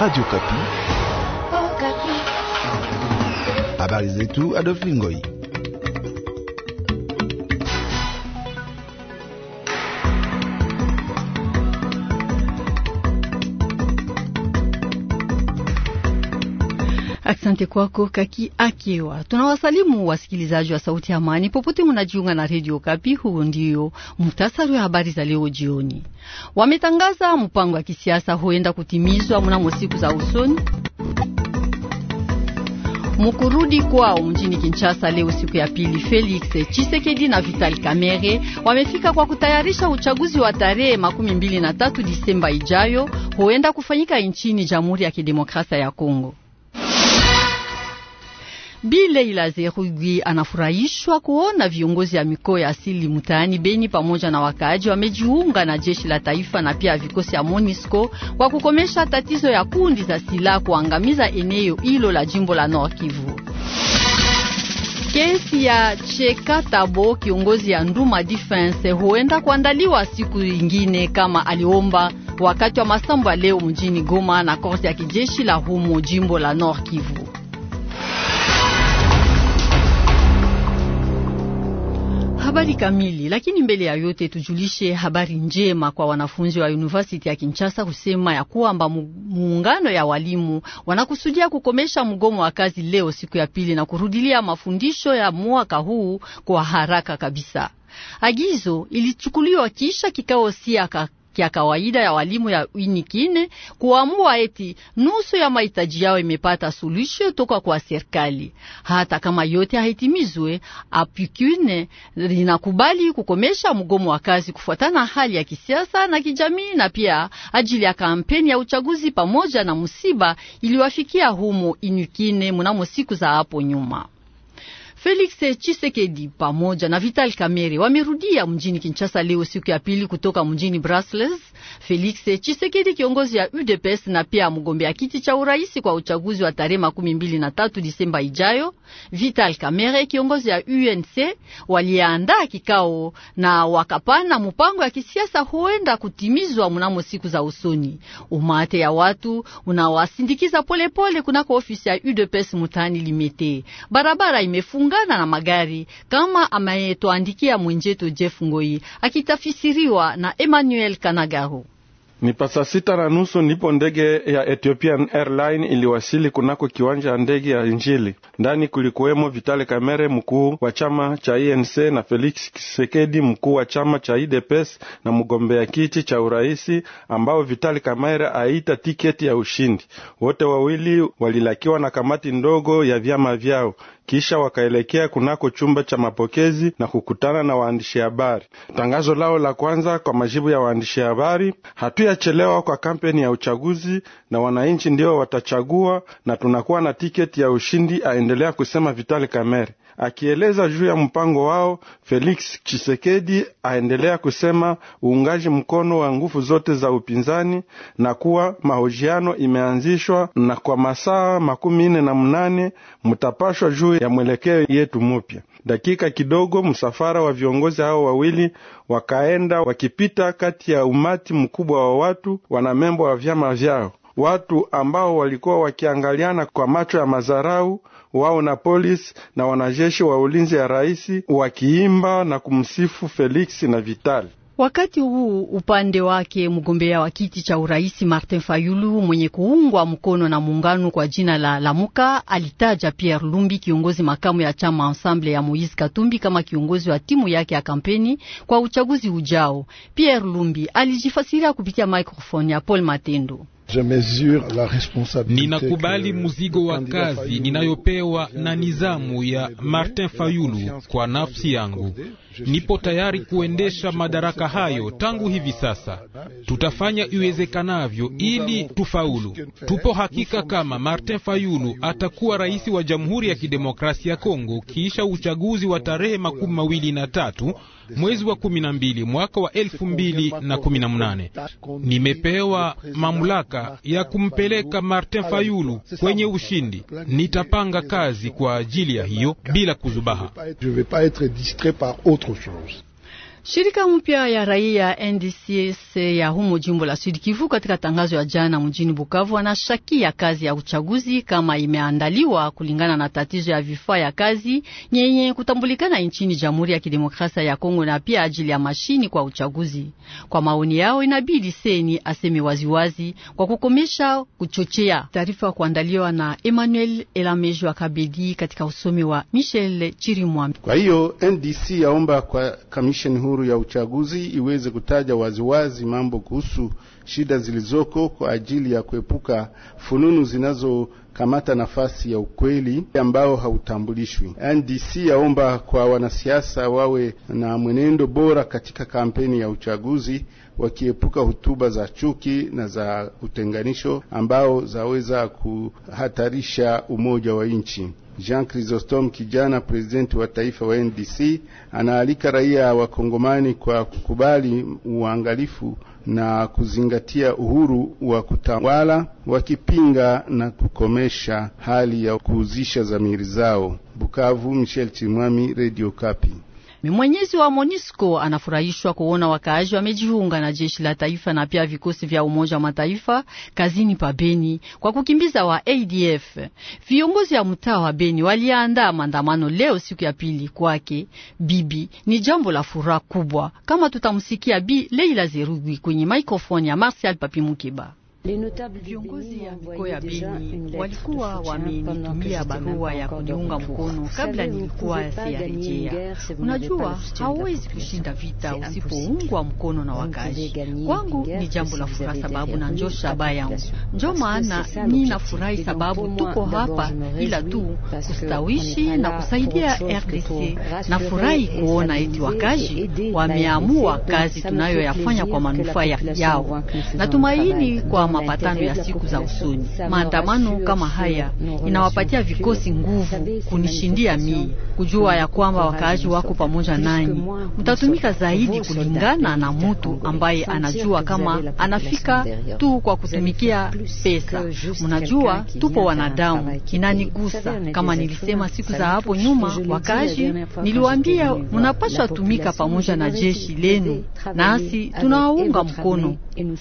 Radio oh, Kapi. Habari zetu Adolphe Ngoi. Asante kwako Kaki Akiwa. Tunawasalimu wasikilizaji wa Sauti ya Amani popote munajiunga na Redio Kapi. Huu ndio muhtasari wa habari za leo jioni. Wametangaza mpango wa kisiasa huenda kutimizwa mnamo siku za usoni mukurudi kwao mjini Kinshasa leo siku ya pili, Felix chisekedi na Vital Kamerhe wamefika kwa kutayarisha uchaguzi wa tarehe makumi mbili na tatu Disemba ijayo huenda kufanyika nchini Jamhuri ya Kidemokrasia ya Kongo bileila zerugi anafurahishwa kuona viongozi ya mikoa ya asili mtaani Beni pamoja na wakaaji wamejiunga na jeshi la taifa na pia vikosi ya MONUSCO kwa kukomesha tatizo ya kundi za silaha kuangamiza eneo hilo la jimbo la Nord Kivu. Kesi ya Chekatabo, kiongozi ya Nduma Defense, huenda kuandaliwa siku nyingine kama aliomba wakati wa masambo leo mjini Goma na korti ya kijeshi la humo jimbo la Nord Kivu. Habari kamili. Lakini mbele ya yote, tujulishe habari njema kwa wanafunzi wa University ya Kinshasa kusema ya kwamba muungano ya walimu wanakusudia kukomesha mgomo wa kazi leo siku ya pili na kurudilia mafundisho ya mwaka huu kwa haraka kabisa. Agizo ilichukuliwa kisha kikao siaka ya kawaida ya walimu ya winikine kuamua eti nusu ya mahitaji yao imepata suluhisho toka kwa serikali, hata kama yote haitimizwe. Apikune linakubali kukomesha mgomo wa kazi kufuatana hali ya kisiasa na kijamii, na pia ajili ya kampeni ya uchaguzi pamoja na msiba iliwafikia humo inikine mnamo siku za hapo nyuma. Felix chisekedi pamoja na Vital Kamerhe wamerudia mjini Kinshasa leo siku ya pili kutoka mjini Brussels. Felix Chisekedi kiongozi ya UDPS na pia mgombea kiti cha urais kwa uchaguzi wa tarehe makumi mbili na tatu Disemba ijayo. Vital Kamerhe kiongozi ya UNC waliandaa kikao na wakapana mpango ya kisiasa huenda kutimizwa mnamo siku za usoni. Umate ya watu unawasindikiza polepole kunako ofisi ya UDPS mutani Limete. Barabara imefunga kulingana na magari, kama ametuandikia mwenjetu Jeff Ngoi, akitafisiriwa na Emmanuel Kanagaho. Ni pasa sita na nusu ndipo ndege ya Ethiopian Airline iliwasili kunako kiwanja ya ndege ya injili Ndani kulikuwemo Vitale Kamere, mkuu wa chama cha enc na Felix Kisekedi, mkuu wa chama cha IDPS na mgombea kiti cha uraisi ambao Vitale Kamere aita tiketi ya ushindi. Wote wawili walilakiwa na kamati ndogo ya vyama vyao, kisha wakaelekea kunako chumba cha mapokezi na kukutana na waandishi habari. Tangazo lao la kwanza kwa majibu ya waandishi habari hatu chelewa kwa kampeni ya uchaguzi na wananchi ndio watachagua na tunakuwa na tiketi ya ushindi, aendelea kusema Vitali Kamere. Akieleza juu ya mpango wao, Felix chisekedi aendelea kusema uungaji mkono wa nguvu zote za upinzani na kuwa mahojiano imeanzishwa na kwa masaa makumi nne na mnane mtapashwa juu ya mwelekeo yetu mupya. Dakika kidogo, msafara wa viongozi hao wawili wakaenda wakipita kati ya umati mkubwa wa watu wanamembo wa vyama vyao, watu ambao walikuwa wakiangaliana kwa macho ya mazarau wao na polisi na wanajeshi wa ulinzi ya rais wakiimba na kumsifu Felix na Vital. Wakati huu upande wake mgombea wa kiti cha urais Martin Fayulu mwenye kuungwa mkono na muungano kwa jina la Lamuka alitaja Pierre Lumbi, kiongozi makamu ya chama Ensemble ya Moise Katumbi, kama kiongozi wa timu yake ya kampeni kwa uchaguzi ujao. Pierre Lumbi alijifasiria kupitia microphone ya Paul Matendo. Ninakubali mzigo wa kazi ninayopewa na nizamu ya Martin Fayulu kwa nafsi yangu. Nipo tayari kuendesha madaraka hayo tangu hivi sasa. Tutafanya iwezekanavyo ili tufaulu. Tupo hakika kama Martin Fayulu atakuwa rais wa Jamhuri ya Kidemokrasia ya Kongo kisha uchaguzi wa tarehe makumi mawili na tatu mwezi wa kumi na mbili mwaka wa elfu mbili na kumi na mnane nimepewa mamlaka ya kumpeleka Martin Fayulu kwenye ushindi. Nitapanga kazi kwa ajili ya hiyo bila kuzubaha. autre chose. Shirika mpya ya raia NDCS ya humo jimbo la Sud Kivu katika tangazo ya jana mjini Bukavu anashakia kazi ya uchaguzi kama imeandaliwa kulingana na tatizo ya vifaa ya kazi nyenye kutambulikana nchini Jamhuri ya Kidemokrasia ya Kongo na pia ajili ya mashini kwa uchaguzi. Kwa maoni yao, inabidi seni aseme waziwazi kwa kukomesha kuchochea. Taarifa kuandaliwa na Emmanuel Elamejwa Akabedi katika usomi wa Michel Chirimwami. Kwa hiyo NDC yaomba kwa kamisheni huru huru ya uchaguzi iweze kutaja waziwazi mambo kuhusu shida zilizoko kwa ajili ya kuepuka fununu zinazokamata nafasi ya ukweli ambao hautambulishwi. NDC yaomba kwa wanasiasa wawe na mwenendo bora katika kampeni ya uchaguzi, wakiepuka hotuba za chuki na za utenganisho ambao zaweza kuhatarisha umoja wa nchi. Jean Chrysostome Kijana, prezidenti wa taifa wa NDC, anaalika raia wa Kongomani kwa kukubali uangalifu na kuzingatia uhuru wa kutawala, wakipinga na kukomesha hali ya kuuzisha zamiri zao. Bukavu, Michel Chimwami, Radio Kapi. Mwenyezi wa Monisco anafurahishwa kuona wakaaji wamejiunga na jeshi la taifa na pia vikosi vya Umoja wa Mataifa kazini pa Beni kwa kukimbiza wa ADF. Viongozi ya mtaa wa Beni waliandaa maandamano leo siku ya pili. Kwake bibi ni jambo la furaha kubwa, kama tutamsikia Bi Leila zerugwi kwenye maikrofoni ya marsial Papi Mukiba. Viongozi ya mikoa ya Beni walikuwa wamenitumia barua ya kuniunga mkono kabla nilikuwa siarejea. Unajua, hauwezi kushinda vita usipoungwa mkono na wakazi. Kwangu ni jambo la furaha, sababu na njo shabaha yangu, njo maana ninafurahi sababu tuko hapa, ila tu kustawishi na kusaidia RDC. Nafurahi kuona eti wakazi wameamua kazi tunayoyafanya kwa manufaa yao. Natumaini kwa mapatano ya siku za usoni. Maandamano kama haya inawapatia vikosi nguvu kunishindia mii, kujua ya kwamba wakaaji wako pamoja nanyi, mtatumika zaidi kulingana na mutu ambaye anajua kama anafika tu kwa kutumikia pesa. Mnajua tupo wanadamu, inanigusa kama nilisema siku za hapo nyuma. Wakaaji niliwaambia, mnapaswa tumika pamoja na jeshi lenu, nasi tunawaunga mkono.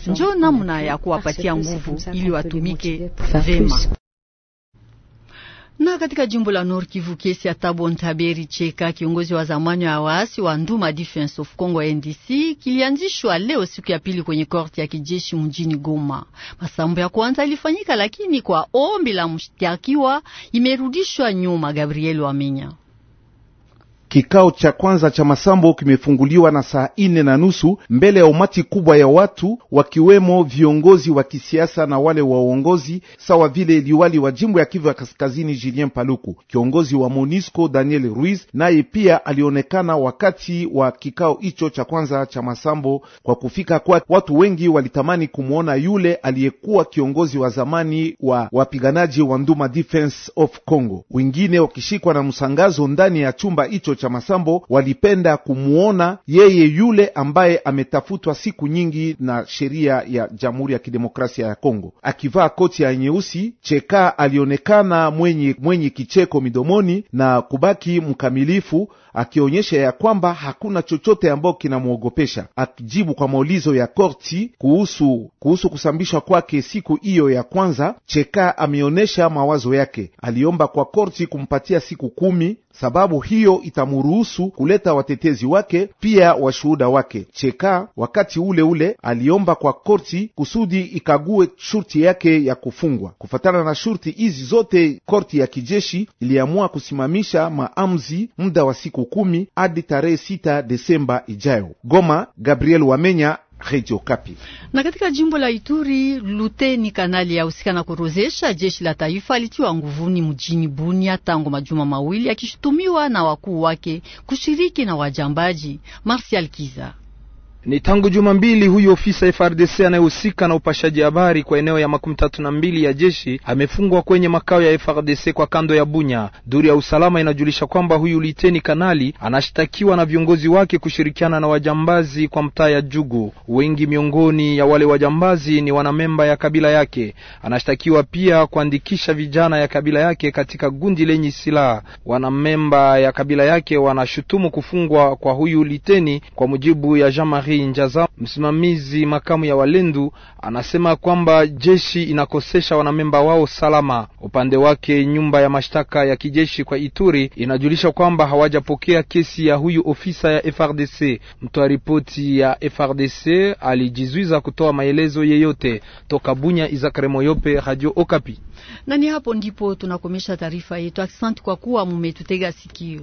Njoo namna ya kuwapatia kuwapatia nguvu ili watumike vema na katika jimbo la Nord Kivu, kesi ya Tabo Ntaberi Cheka, kiongozi wa zamani wa waasi wa Nduma Defense of Congo NDC, kilianzishwa leo siku ya pili kwenye korti ya kijeshi mjini Goma. Masambo ya kwanza ilifanyika, lakini kwa ombi la mshtakiwa imerudishwa nyuma. Gabriel Wamenya Kikao cha kwanza cha Masambo kimefunguliwa na saa ine na nusu mbele ya umati kubwa ya watu wakiwemo viongozi wa kisiasa na wale wa uongozi sawa vile liwali wa jimbo ya Kivu ya Kaskazini Julien Paluku. Kiongozi wa Monisco Daniel Ruiz naye pia alionekana wakati wa kikao hicho cha kwanza cha Masambo. Kwa kufika kwa watu wengi walitamani kumwona yule aliyekuwa kiongozi wa zamani wa wapiganaji wa Nduma Defense of Congo, wengine wakishikwa na msangazo ndani ya chumba hicho cha Masambo walipenda kumwona yeye yule ambaye ametafutwa siku nyingi na sheria ya Jamhuri ya Kidemokrasia ya Kongo. Akivaa koti ya nyeusi, Cheka alionekana mwenye, mwenye kicheko midomoni na kubaki mkamilifu akionyesha ya kwamba hakuna chochote ambayo kinamwogopesha, akijibu kwa maulizo ya korti kuhusu kuhusu kusambishwa kwake siku hiyo ya kwanza. Cheka ameonyesha mawazo yake, aliomba kwa korti kumpatia siku kumi, sababu hiyo itamruhusu kuleta watetezi wake pia washuhuda wake. Cheka wakati ule ule aliomba kwa korti kusudi ikague shurti yake ya kufungwa. Kufatana na shurti hizi zote, korti ya kijeshi iliamua kusimamisha maamuzi muda wa siku kumi hadi tarehe sita Desemba ijayo. Goma, Gabriel Wamenya, Radio Kapi. Na katika jimbo la Ituri, luteni kanali ya husika na kurozesha jeshi la taifa alitiwa nguvuni mjini Bunia tangu majuma mawili akishutumiwa na wakuu wake kushiriki na wajambaji. Martial Kiza ni tangu juma mbili huyu ofisa FRDC anayehusika na upashaji habari kwa eneo ya makumi tatu na mbili ya jeshi amefungwa kwenye makao ya FRDC kwa kando ya Bunya. Duru ya usalama inajulisha kwamba huyu liteni kanali anashtakiwa na viongozi wake kushirikiana na wajambazi kwa mtaa ya Jugu. Wengi miongoni ya wale wajambazi ni wanamemba ya kabila yake. Anashtakiwa pia kuandikisha vijana ya kabila yake katika gundi lenye silaha. Wanamemba ya kabila yake wanashutumu kufungwa kwa huyu liteni kwa mujibu ya Jean-Marie Omari Njaza, msimamizi makamu ya Walendu, anasema kwamba jeshi inakosesha wanamemba wao salama. Upande wake, nyumba ya mashtaka ya kijeshi kwa Ituri inajulisha kwamba hawajapokea kesi ya huyu ofisa ya FRDC. Mtoa ripoti ya FRDC alijizuiza kutoa maelezo yeyote. Toka Bunya, Izakare Moyope, Radio Okapi. Nani hapo ndipo tunakomesha taarifa yetu. Asante kwa kuwa mumetutega sikio.